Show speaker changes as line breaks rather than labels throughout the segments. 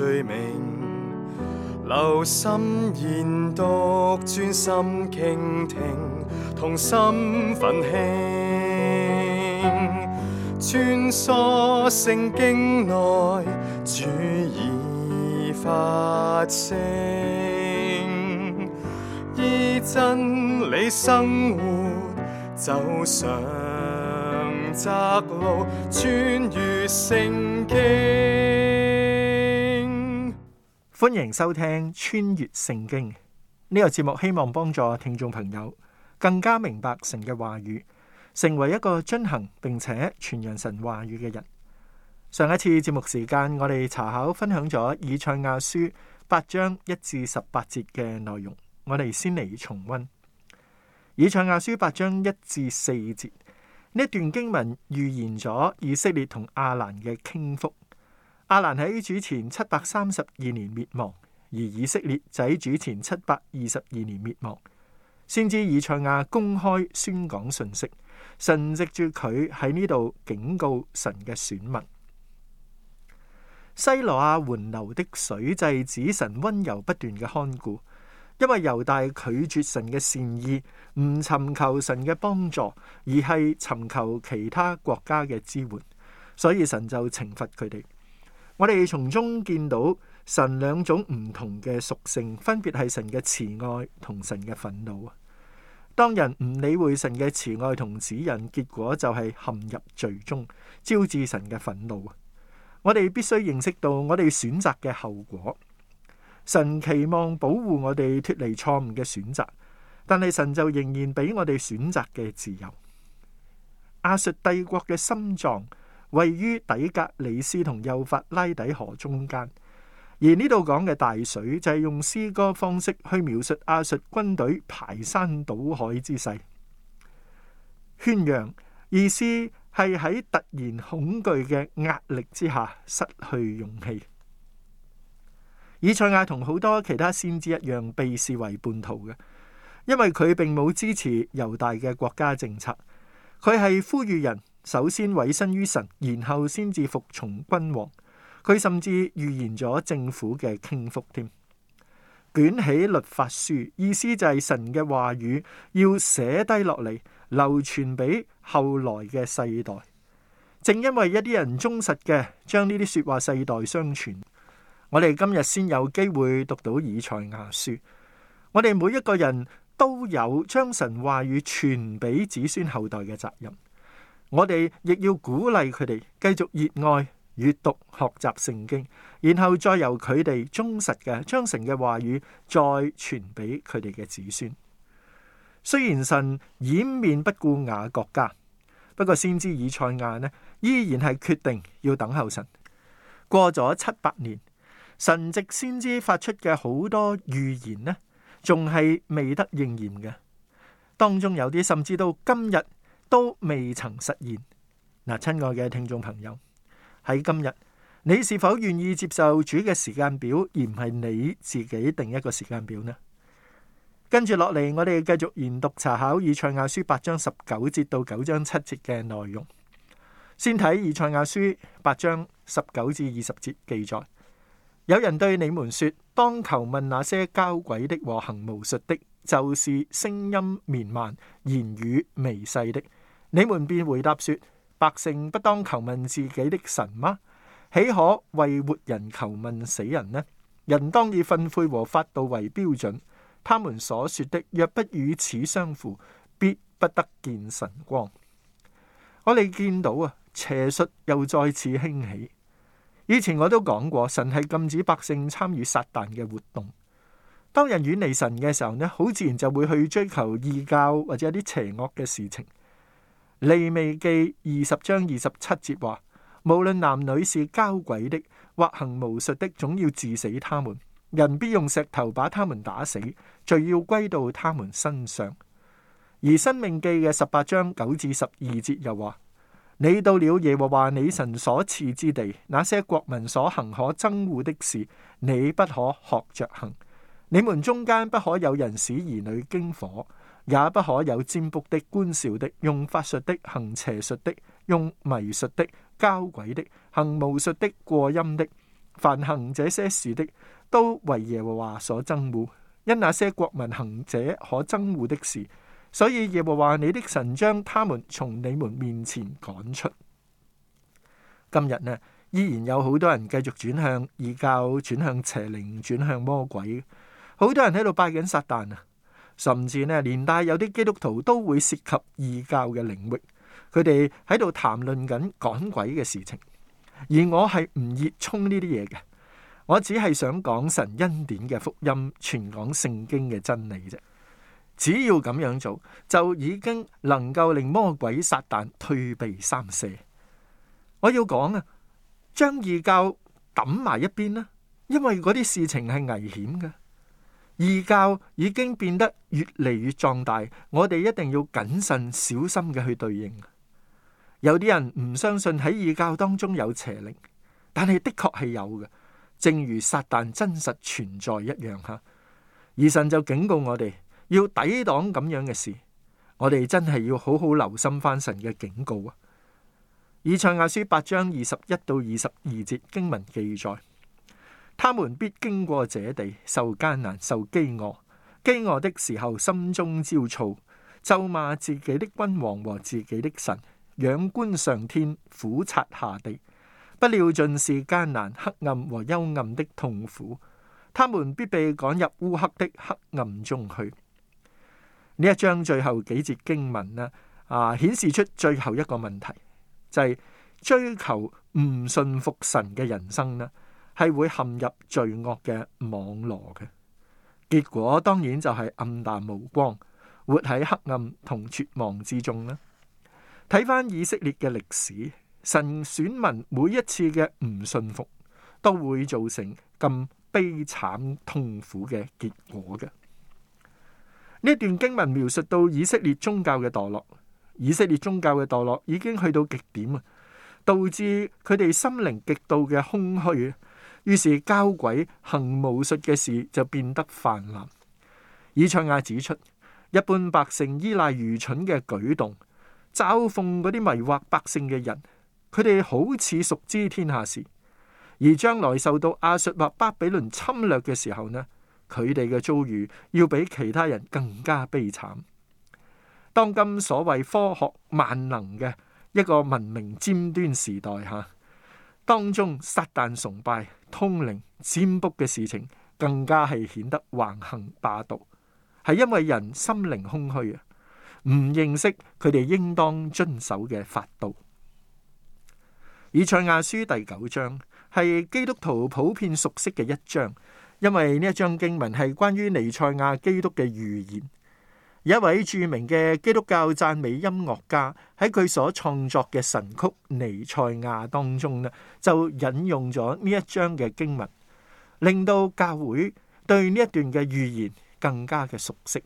罪名留心研讀，專心傾聽，同心奮興，穿梭聖經內主已發聲，依真理生活，走上窄路，穿越聖經。歡迎收聽穿越聖經呢個節目，希望幫助聽眾朋友更加明白神嘅話語，成為一個遵行並且傳揚神話語嘅人。上一次節目時間，我哋查考分享咗以賽亞書八章一至十八節嘅內容，我哋先嚟重溫以賽亞書八章一至四節呢段經文，預言咗以色列同亞蘭嘅傾覆。阿蘭喺主前七百三十二年滅亡，而以色列喺主前七百二十二年滅亡，先知以賽亞公開宣講信息，神藉住佢喺呢度警告神嘅選民。西羅亞緩流的水就指神溫柔不斷嘅看顧，因為猶大拒絕神嘅善意，唔尋求神嘅幫助，而係尋求其他國家嘅支援，所以神就懲罰佢哋。我哋從中見到神兩種唔同嘅屬性，分別係神嘅慈愛同神嘅憤怒啊！當人唔理會神嘅慈愛同指引，結果就係陷入罪中，招致神嘅憤怒啊！我哋必須認識到我哋選擇嘅後果。神期望保護我哋脫離錯誤嘅選擇，但係神就仍然俾我哋選擇嘅自由。亞述帝國嘅心臟。位於底格里斯同幼發拉底河中間，而呢度講嘅大水就係用詩歌方式去描述亞述軍，軍隊排山倒海之勢。圈羊，意思係喺突然恐懼嘅壓力之下失去勇氣。以賽亞同好多其他先知一樣，被視為叛徒嘅，因為佢並冇支持猶大嘅國家政策，佢係呼籲人。首先委身於神，然後先至服從君王。佢甚至預言咗政府嘅傾覆添。捲起律法書，意思就係神嘅話語要寫低落嚟，流傳俾後來嘅世代。正因為一啲人忠實嘅將呢啲說話世代相傳，我哋今日先有機會讀到以賽亞書。我哋每一個人都有將神話語傳俾子孫後代嘅責任。我哋亦要鼓勵佢哋繼續熱愛閱讀學習聖經，然後再由佢哋忠實嘅將神嘅話語再傳俾佢哋嘅子孫。雖然神掩面不顧雅各家，不過先知以賽亞呢依然係決定要等候神。過咗七百年，神藉先知發出嘅好多預言呢，仲係未得應驗嘅。當中有啲甚至到今日，都未曾實現嗱，親愛嘅聽眾朋友，喺今日你是否願意接受主嘅時間表，而唔係你自己定一個時間表呢？跟住落嚟，我哋繼續研讀查考以賽亞書八章十九節到九章七節嘅內容。先睇以賽亞書八章十九至二十節記載，有人對你們說，當求問那些交鬼的和行巫術的，就是聲音綿慢、言語微細的。你們便回答說：百姓不當求問自己的神嗎？豈可為活人求問死人呢？人當以訓誨和法度為標準。他們所說的若不與此相符，必不得見神光。我哋見到啊，邪術又再次興起。以前我都講過，神係禁止百姓參與撒旦嘅活動。當人遠離神嘅時候呢，好自然就會去追求異教或者一啲邪惡嘅事情。利未記二十章二十七節話：無論男女是交鬼的或行巫術的，總要治死他們，人必用石頭把他們打死，罪要歸到他們身上。而申命記嘅十八章九至十二節又話： 你到了耶和華你神所賜之地，那些國民所行可憎惡的事，你不可學着行。你們中間不可有人使兒女經火。也不可有占卜的、觀兆的、用法術的、行邪術的、用迷術的、交鬼的、行巫術的、過陰的，凡行這些事的，都為耶和華所憎惡。因那些國民行者可憎惡的事，所以耶和華你的神將他們從你們面前趕出。今日呢，依然有好多人繼續轉向異教，轉向邪靈，轉向魔鬼，好多人喺度拜緊撒旦啊！甚至呢，連帶有啲基督徒都會涉及異教嘅領域，佢哋喺度談論緊趕鬼嘅事情，而我係唔熱衷呢啲嘢嘅，我只係想講神恩典嘅福音，傳講聖經嘅真理啫。只要咁樣做，就已經能夠令魔鬼撒旦退避三舍。我要講啊，將異教揼埋一邊啦，因為嗰啲事情係危險嘅。異教已經變得越嚟越壯大，我哋一定要謹慎小心嘅去對應。有啲人唔相信喺異教當中有邪靈，但係的確係有嘅，正如撒旦真實存在一樣吓。而神就警告我哋要抵擋咁樣嘅事，我哋真係要好好留心返神嘅警告啊！以賽亞書八章二十一到二十二節經文記載。他們必經過這地，受艱難，受飢餓，飢餓的時候心中焦躁，咒罵自己的君王和自己的神，仰觀上天，俯察下地，不料盡是艱難、黑暗和幽暗的痛苦。他們必被趕入烏黑的黑暗中去。呢一章最後幾節經文呢，啊、呃，顯示出最後一個問題，就係、是、追求唔信服神嘅人生呢？係會陷入罪惡嘅網羅嘅，結果當然就係暗淡無光，活喺黑暗同絕望之中啦。睇翻以色列嘅歷史，神選民每一次嘅唔信服都會造成咁悲慘痛苦嘅結果嘅。呢段經文描述到以色列宗教嘅墮落，以色列宗教嘅墮落已經去到極點啊，導致佢哋心靈極度嘅空虛。於是交鬼行巫術嘅事就變得泛濫。以賽亞指出，一般百姓依賴愚蠢嘅舉動，嘲諷嗰啲迷惑百姓嘅人。佢哋好似熟知天下事，而將來受到亞述或巴比倫侵略嘅時候呢，佢哋嘅遭遇要比其他人更加悲慘。當今所謂科學萬能嘅一個文明尖端時代吓。當中撒旦崇拜、通靈、占卜嘅事情，更加係顯得橫行霸道，係因為人心靈空虛啊，唔認識佢哋應當遵守嘅法度。以賽亞書第九章係基督徒普遍熟悉嘅一章，因為呢一章經文係關於彌賽亞基督嘅預言。一位著名嘅基督教讚美音樂家喺佢所創作嘅神曲《彌賽亞》當中咧，就引用咗呢一章嘅經文，令到教會對呢一段嘅預言更加嘅熟悉。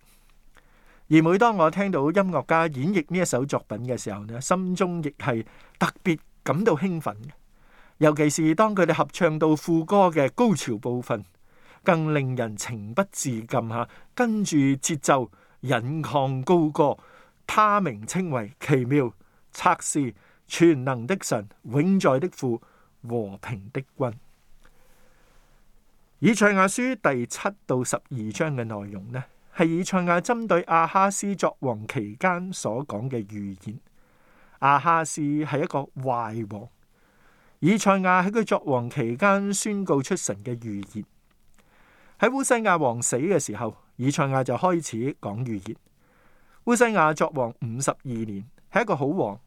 而每當我聽到音樂家演繹呢一首作品嘅時候咧，心中亦係特別感到興奮。尤其是當佢哋合唱到副歌嘅高潮部分，更令人情不自禁吓，跟住節奏。引吭高歌，他名稱為奇妙、策士、全能的神、永在的父、和平的君。以賽亞書第七到十二章嘅內容呢，係以賽亞針對亞哈斯作王期間所講嘅預言。亞哈斯係一個壞王，以賽亞喺佢作王期間宣告出神嘅預言。喺烏西亞王死嘅時候。以賽亞就開始講預言。烏西亞作王五十二年，係一個好王。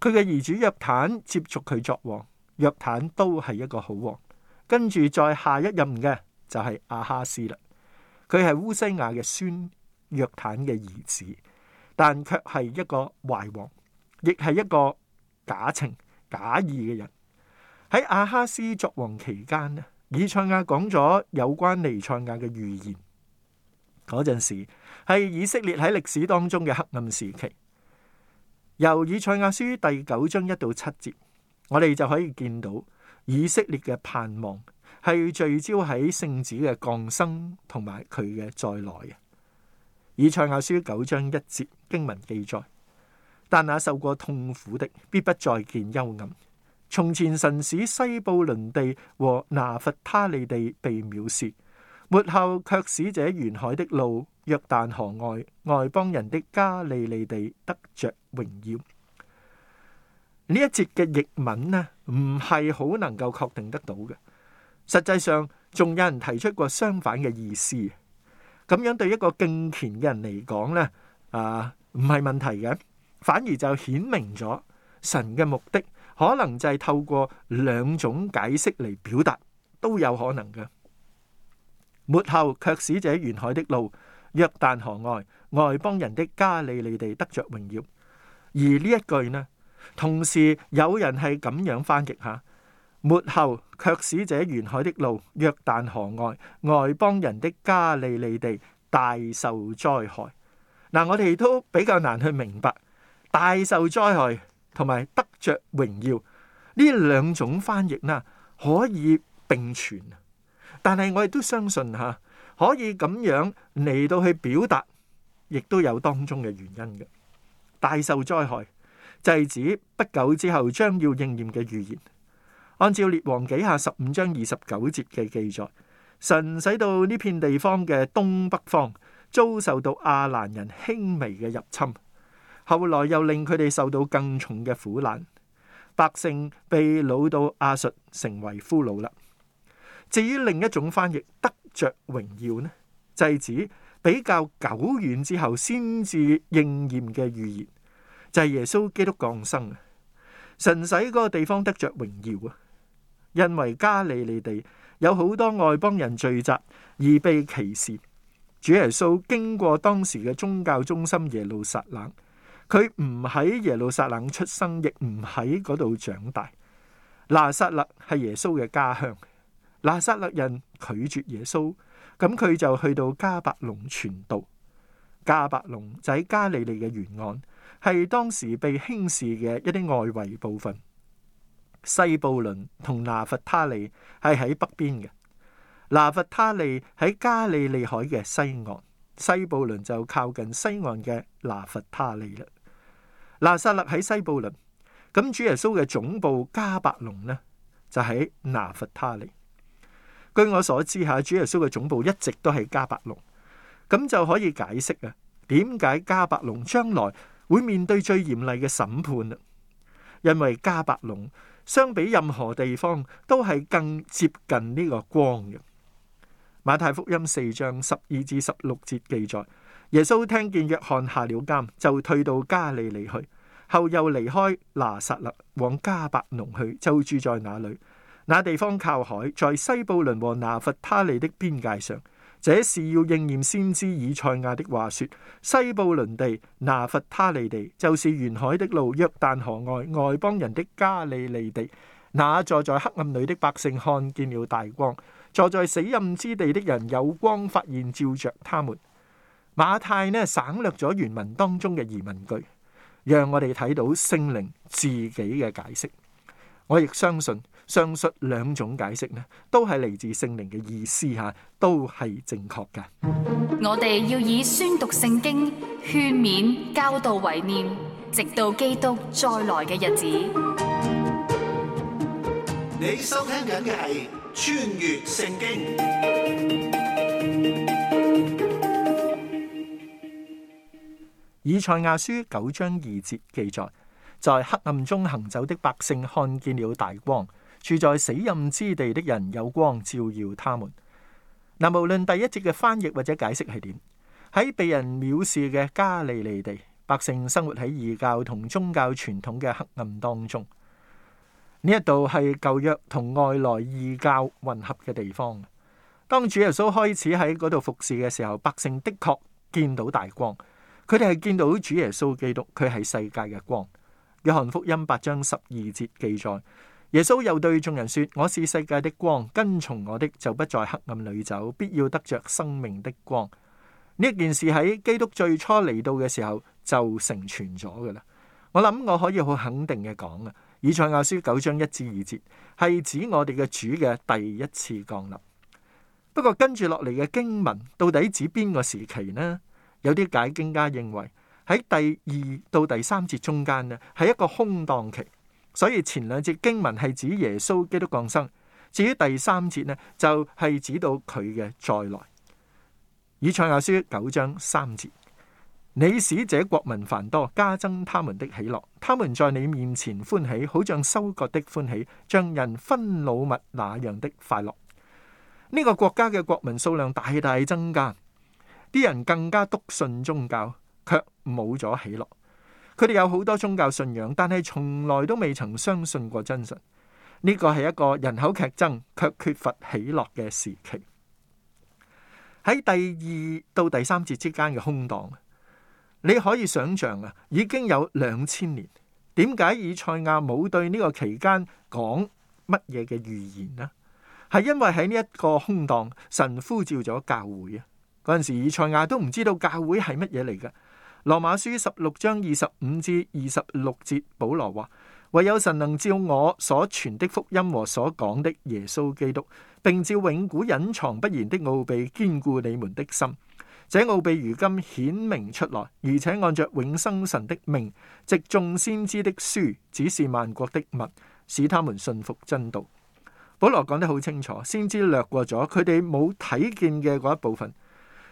佢嘅兒子約坦接續佢作王，約坦都係一個好王。跟住再下一任嘅就係亞哈斯啦。佢係烏西亞嘅孫，約坦嘅兒子，但卻係一個壞王，亦係一個假情假意嘅人。喺亞哈斯作王期間呢，以賽亞講咗有關彌賽亞嘅預言。嗰陣時，係以色列喺歷史當中嘅黑暗時期。由以賽亞書第九章一到七節，我哋就可以見到以色列嘅盼望係聚焦喺聖子嘅降生同埋佢嘅再來嘅。以賽亞書九章一節經文記載，但那受過痛苦的必不再見幽暗，從前神使西布倫地和拿弗他利地被藐視。末後卻使這沿海的路，約旦河外，外邦人的加利利地得着榮耀。呢一節嘅譯文呢，唔係好能夠確定得到嘅。實際上仲有人提出過相反嘅意思，咁樣對一個敬虔嘅人嚟講呢，啊唔係問題嘅，反而就顯明咗神嘅目的，可能就係透過兩種解釋嚟表達都有可能嘅。末後卻使者沿海的路，約旦河外外邦人的加利利地得着榮耀，而呢一句呢，同時有人係咁樣翻譯吓：末後卻使者沿海的路，約旦河外外邦人的加利利地大受災害。嗱、呃，我哋都比較難去明白大受災害同埋得着榮耀呢兩種翻譯呢，可以並存。但係我亦都相信吓，可以咁樣嚟到去表達，亦都有當中嘅原因嘅。大受災害，制止不久之後將要應驗嘅預言。按照列王紀下十五章二十九節嘅記載，神使到呢片地方嘅東北方遭受到亞蘭人輕微嘅入侵，後來又令佢哋受到更重嘅苦難，百姓被擄到亞述成為俘虜啦。至於另一種翻譯得着榮耀呢，就係指比較久遠之後先至應驗嘅預言，就係耶穌基督降生。神使嗰個地方得着榮耀啊，因為加利利地有好多外邦人聚集而被歧視。主耶穌經過當時嘅宗教中心耶路撒冷，佢唔喺耶路撒冷出生，亦唔喺嗰度長大。拿撒勒係耶穌嘅家鄉。拿撒勒人拒絕耶穌，咁佢就去到迦百農傳道。迦百農喺加利利嘅沿岸，係當時被輕視嘅一啲外圍部分。西布倫同拿弗他利係喺北邊嘅。拿弗他利喺加利利海嘅西岸，西布倫就靠近西岸嘅拿弗他利啦。拿撒勒喺西布倫，咁主耶穌嘅總部迦百農呢，就喺拿弗他利。據我所知，下主耶穌嘅總部一直都係迦百農，咁就可以解釋啊，點解迦百農將來會面對最嚴厲嘅審判？因為迦百農相比任何地方都係更接近呢個光嘅。馬太福音四章十二至十六節記載，耶穌聽見約翰下了監，就退到加利利去，後又離開拿撒勒，往迦百農去，就住在那裏。那地方靠海，在西布倫和拿弗他利的邊界上。這是要應驗先知以賽亞的話說：說西布倫地、拿弗他利地，就是沿海的路，約旦河外外邦人的加利利地。那坐在黑暗裏的百姓看見了大光，坐在死蔭之地的人有光發現照着他們。馬太呢，省略咗原文當中嘅疑問句，讓我哋睇到聖靈自己嘅解釋。我亦相信。上述兩種解釋咧，都係嚟自聖靈嘅意思，嚇都係正確㗎。我哋要以宣讀聖經、勸勉、教導為念，直到基督再來嘅日子。你收聽緊嘅係穿越聖經。以賽亞書九章二節記載，在黑暗中行走的百姓看見了大光。住在死蔭之地的人有光照耀他們。嗱，無論第一節嘅翻譯或者解釋係點，喺被人藐視嘅加利利地，百姓生活喺異教同宗教傳統嘅黑暗當中。呢一度係舊約同外來異教混合嘅地方。當主耶穌開始喺嗰度服侍嘅時候，百姓的確見到大光。佢哋係見到主耶穌基督，佢係世界嘅光。約翰福音八章十二節記載。耶穌又對眾人說：我是世界的光，跟從我的就不在黑暗裏走，必要得着生命的光。呢件事喺基督最初嚟到嘅時候就成全咗噶啦。我諗我可以好肯定嘅講啊，以賽亞書九章一至二節係指我哋嘅主嘅第一次降臨。不過跟住落嚟嘅經文到底指邊個時期呢？有啲解經家認為喺第二到第三節中間呢係一個空檔期。所以前兩節經文係指耶穌基督降生，至於第三節呢，就係、是、指到佢嘅再來。以賽亞書九章三節：你使這國民繁多，加增他們的喜樂，他們在你面前歡喜，好像收割的歡喜，將人分擄物那樣的快樂。呢、這個國家嘅國民數量大大增加，啲人更加篤信宗教，卻冇咗喜樂。佢哋有好多宗教信仰，但係從來都未曾相信過真神。呢個係一個人口劇增卻缺乏喜樂嘅時期。喺第二到第三節之間嘅空檔，你可以想象啊，已經有兩千年。點解以賽亞冇對呢個期間講乜嘢嘅預言呢？係因為喺呢一個空檔，神呼召咗教會啊。嗰陣時，以賽亞都唔知道教會係乜嘢嚟噶。羅馬書十六章二十五至二十六節，保羅話：唯有神能照我所傳的福音和所講的耶穌基督，並照永古隱藏不言的奧祕，堅固你們的心。這奧祕如今顯明出來，而且按着永生神的命，藉眾先知的書指示萬國的物，使他們信服真道。保羅講得好清楚，先知略過咗佢哋冇睇見嘅嗰一部分，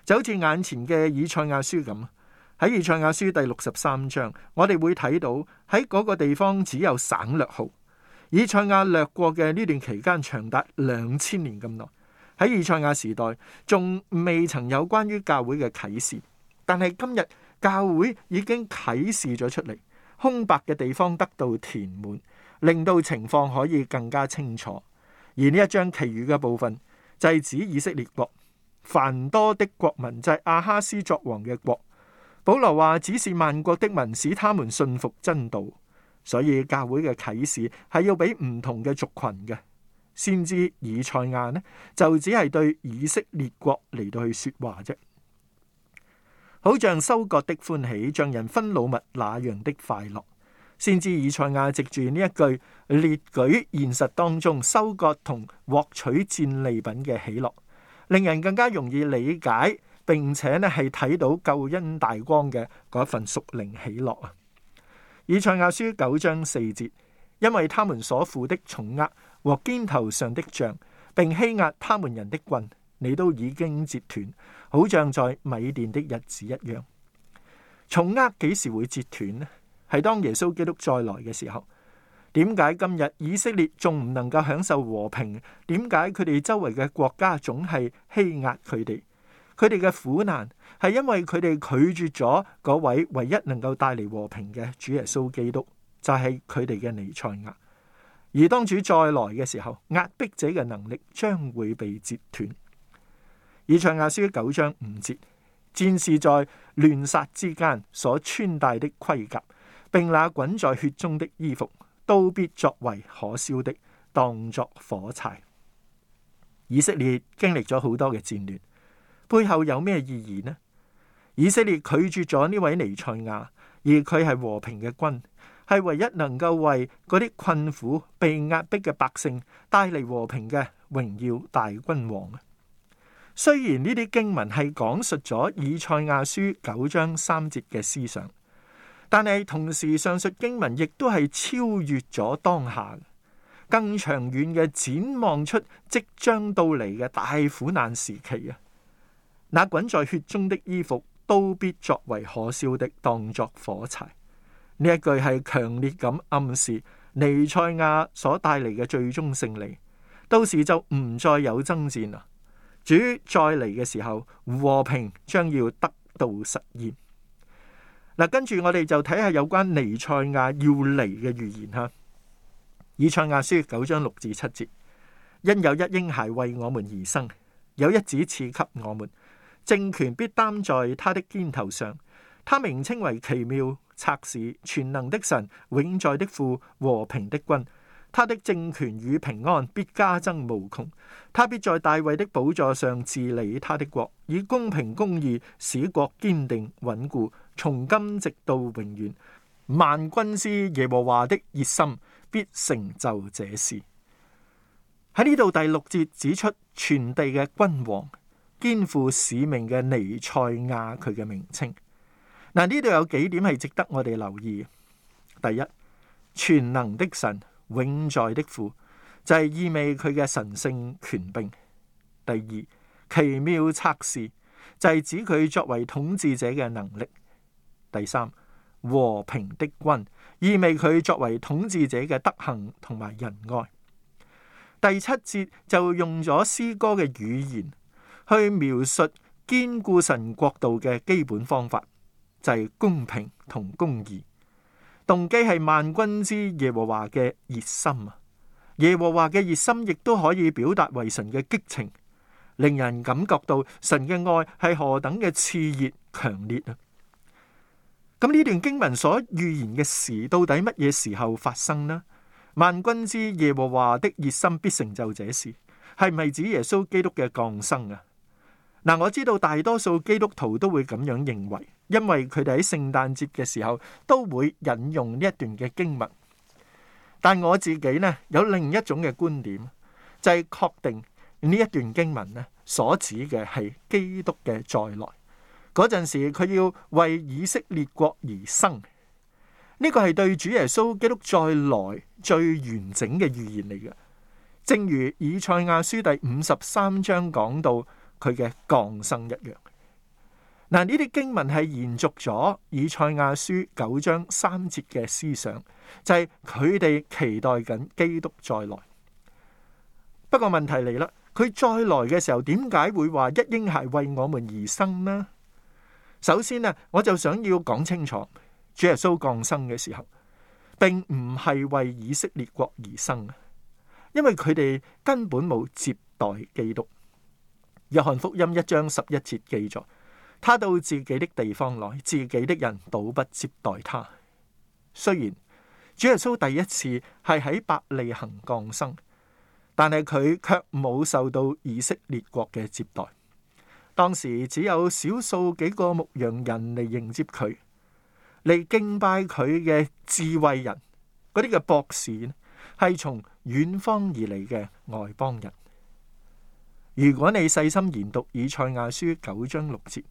就好似眼前嘅以賽亞書咁喺以賽亞書第六十三章，我哋會睇到喺嗰個地方只有省略號。以賽亞略過嘅呢段期間長達兩千年咁耐。喺以賽亞時代仲未曾有關於教會嘅啟示，但係今日教會已經啟示咗出嚟，空白嘅地方得到填滿，令到情況可以更加清楚。而呢一章其餘嘅部分就係、是、指以色列國繁多的國民，就係亞哈斯作王嘅國。保羅話：只是萬國的民使他們信服真道。所以教會嘅啟示係要俾唔同嘅族群嘅。先知以賽亞呢，就只係對以色列國嚟，到去說話啫，好像收割的歡喜，像人分擄物那樣的快樂。先知以賽亞藉住呢一句列舉現實當中收割同獲取戰利品嘅喜樂，令人更加容易理解。並且咧係睇到救恩大光嘅嗰份屬靈喜樂啊。以賽亞書九章四節，因為他們所負的重軛和肩頭上的杖，並欺壓他們人的棍，你都已經截斷，好像在米甸的日子一樣。重軛幾時會截斷呢？係當耶穌基督再來嘅時候。點解今日以色列仲唔能夠享受和平？點解佢哋周圍嘅國家總係欺壓佢哋？佢哋嘅苦難係因為佢哋拒絕咗嗰位唯一能夠帶嚟和平嘅主耶穌基督，就係佢哋嘅彌賽亞。而當主再來嘅時候，壓迫者嘅能力將會被截斷。以賽亞書九章五節：戰士在亂殺之間所穿戴的盔甲，並那滾在血中的衣服，都必作為可燒的，當作火柴。以色列經歷咗好多嘅戰亂。背後有咩意義呢？以色列拒絕咗呢位尼賽亞，而佢係和平嘅君，係唯一能夠為嗰啲困苦、被壓迫嘅百姓帶嚟和平嘅榮耀大君王啊。雖然呢啲經文係講述咗以賽亞書九章三節嘅思想，但係同時上述經文亦都係超越咗當下，更長遠嘅展望出即將到嚟嘅大苦難時期啊。那滾在血中的衣服都必作為可燒的，當作火柴。呢一句係強烈咁暗示彌賽亞所帶嚟嘅最終勝利，到時就唔再有爭戰啦。主再嚟嘅時候，和平將要得到實現。嗱，跟住我哋就睇下有關彌賽亞要嚟嘅預言吓，《以賽亞書》九章六至七節：因有一嬰孩為我們而生，有一子賜給我們。政權必擔在他的肩頭上，他名稱為奇妙、策士、全能的神、永在的父、和平的君。他的政權與平安必加增無窮，他必在大衛的寶座上治理他的國，以公平公義使國堅定穩固，從今直到永遠。萬軍之耶和華的熱心必成就這事。喺呢度第六節指出全地嘅君王。肩負使命嘅尼賽亞，佢嘅名稱，嗱，呢度有幾點係值得我哋留意。第一，全能的神，永在的父，就係意味佢嘅神聖權柄。第二，奇妙測試，就係指佢作為統治者嘅能力。第三，和平的君，意味佢作為統治者嘅德行同埋仁愛。第七節就用咗詩歌嘅語言。去描述堅固神國度嘅基本方法就係、是、公平同公義，動機係萬軍之耶和華嘅熱心啊！耶和華嘅熱心亦都可以表達為神嘅激情，令人感覺到神嘅愛係何等嘅熾熱強烈啊！咁呢段經文所預言嘅事到底乜嘢時候發生呢？萬軍之耶和華的熱心必成就這事，係咪指耶穌基督嘅降生啊？嗱，我知道大多數基督徒都會咁樣認為，因為佢哋喺聖誕節嘅時候都會引用呢一段嘅經文。但我自己呢，有另一種嘅觀點，就係、是、確定呢一段經文呢所指嘅係基督嘅再來嗰陣時，佢要為以色列國而生。呢、這個係對主耶穌基督再來最完整嘅預言嚟嘅，正如以賽亞書第五十三章講到。佢嘅降生一樣，嗱，呢啲經文係延續咗以賽亞書九章三節嘅思想，就係佢哋期待緊基督再來。不過問題嚟啦，佢再來嘅時候，點解會話一嬰孩係為我們而生呢？首先呢，我就想要講清楚，主耶穌降生嘅時候，並唔係為以色列國而生，因為佢哋根本冇接待基督。約翰福音一章十一節記載，他到自己的地方來，自己的人倒不接待他。雖然主耶穌第一次係喺伯利恆降生，但係佢卻冇受到以色列國嘅接待。當時只有少數幾個牧羊人嚟迎接佢，嚟敬拜佢嘅智慧人，嗰啲嘅博士呢，係從遠方而嚟嘅外邦人。如果你細心研讀以賽亞書九章六節，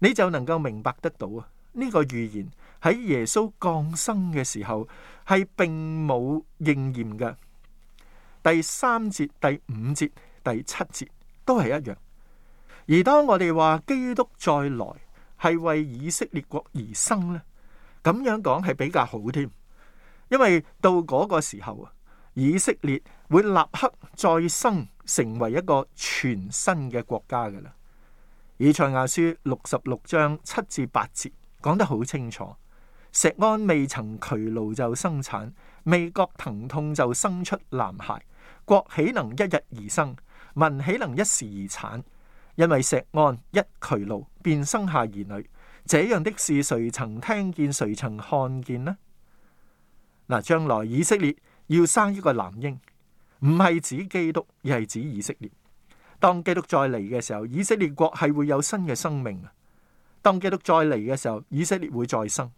你就能夠明白得到啊！呢個預言喺耶穌降生嘅時候係並冇應驗嘅。第三節、第五節、第七節都係一樣。而當我哋話基督再來係爲以色列國而生呢，咁樣講係比較好添，因爲到嗰個時候啊。以色列會立刻再生成為一個全新嘅國家㗎喇。以賽亞書六十六章七至八節講得好清楚：錫安未曾劬勞就生產，未覺疼痛就生出男孩。國豈能一日而生？民豈能一時而產？因為錫安一劬勞便生下兒女，這樣的事誰曾聽見？誰曾看見呢？嗱，將來以色列。要生一個男嬰，唔係指基督，而係指以色列。當基督再嚟嘅時候，以色列國係會有新嘅生命啊！當基督再嚟嘅時候，以色列會再生。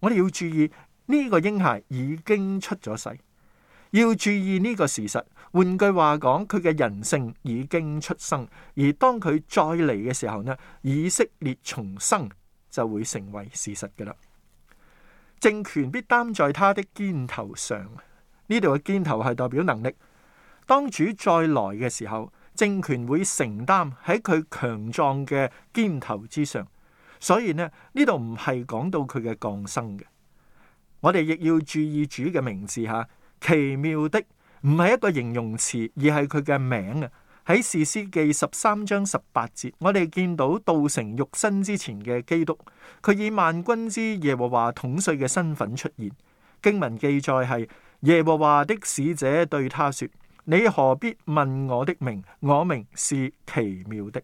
我哋要注意呢個嬰孩已經出咗世，要注意呢個事實。換句話講，佢嘅人性已經出生，而當佢再嚟嘅時候呢，以色列重生就會成為事實噶啦。政權必擔在他的肩頭上。呢度嘅肩頭係代表能力。當主再來嘅時候，政權會承擔喺佢強壯嘅肩頭之上。所以呢，呢度唔係講到佢嘅降生嘅。我哋亦要注意主嘅名字吓、啊，奇妙的唔係一個形容詞，而係佢嘅名啊。喺《士師記》十三章十八節，我哋見到道成肉身之前嘅基督，佢以萬軍之耶和華統帥嘅身份出現。經文記載係。耶和華的使者對他說：你何必問我的名？我名是奇妙的。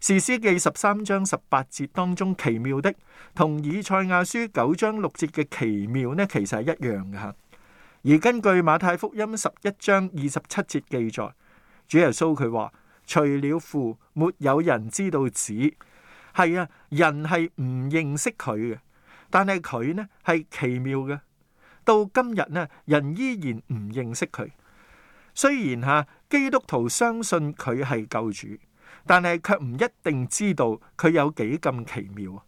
士師記十三章十八節當中，奇妙的同以賽亞書九章六節嘅奇妙呢，其實係一樣嘅吓。而根據馬太福音十一章二十七節記載，主耶穌佢話：除了父，沒有人知道子。係啊，人係唔認識佢嘅，但係佢呢係奇妙嘅。到今日呢，人依然唔認識佢。雖然吓基督徒相信佢係救主，但係卻唔一定知道佢有幾咁奇妙。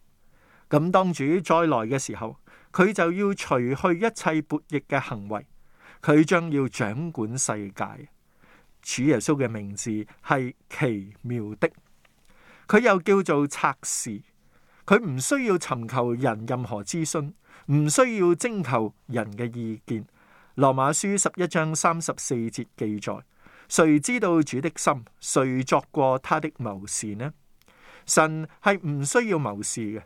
咁當主再來嘅時候，佢就要除去一切悖逆嘅行為，佢將要掌管世界。主耶穌嘅名字係奇妙的，佢又叫做策士。佢唔需要尋求人任何諮詢，唔需要徵求人嘅意見。羅馬書十一章三十四節記載：誰知道主的心？誰作過他的謀士呢？神係唔需要謀士嘅。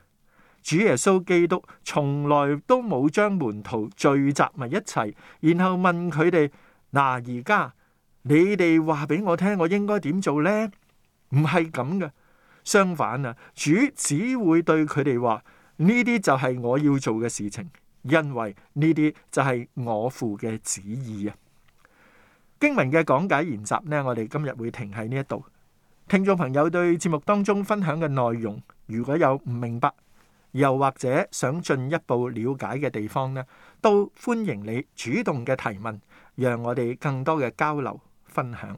主耶穌基督從來都冇將門徒聚集埋一齊，然後問佢哋：嗱、啊，而家你哋話俾我聽，我應該點做呢？唔係咁嘅。相反啊，主只會對佢哋話：呢啲就係我要做嘅事情，因為呢啲就係我父嘅旨意啊！經文嘅講解研習呢，我哋今日會停喺呢一度。聽眾朋友對節目當中分享嘅內容，如果有唔明白，又或者想進一步了解嘅地方呢，都歡迎你主動嘅提問，讓我哋更多嘅交流分享。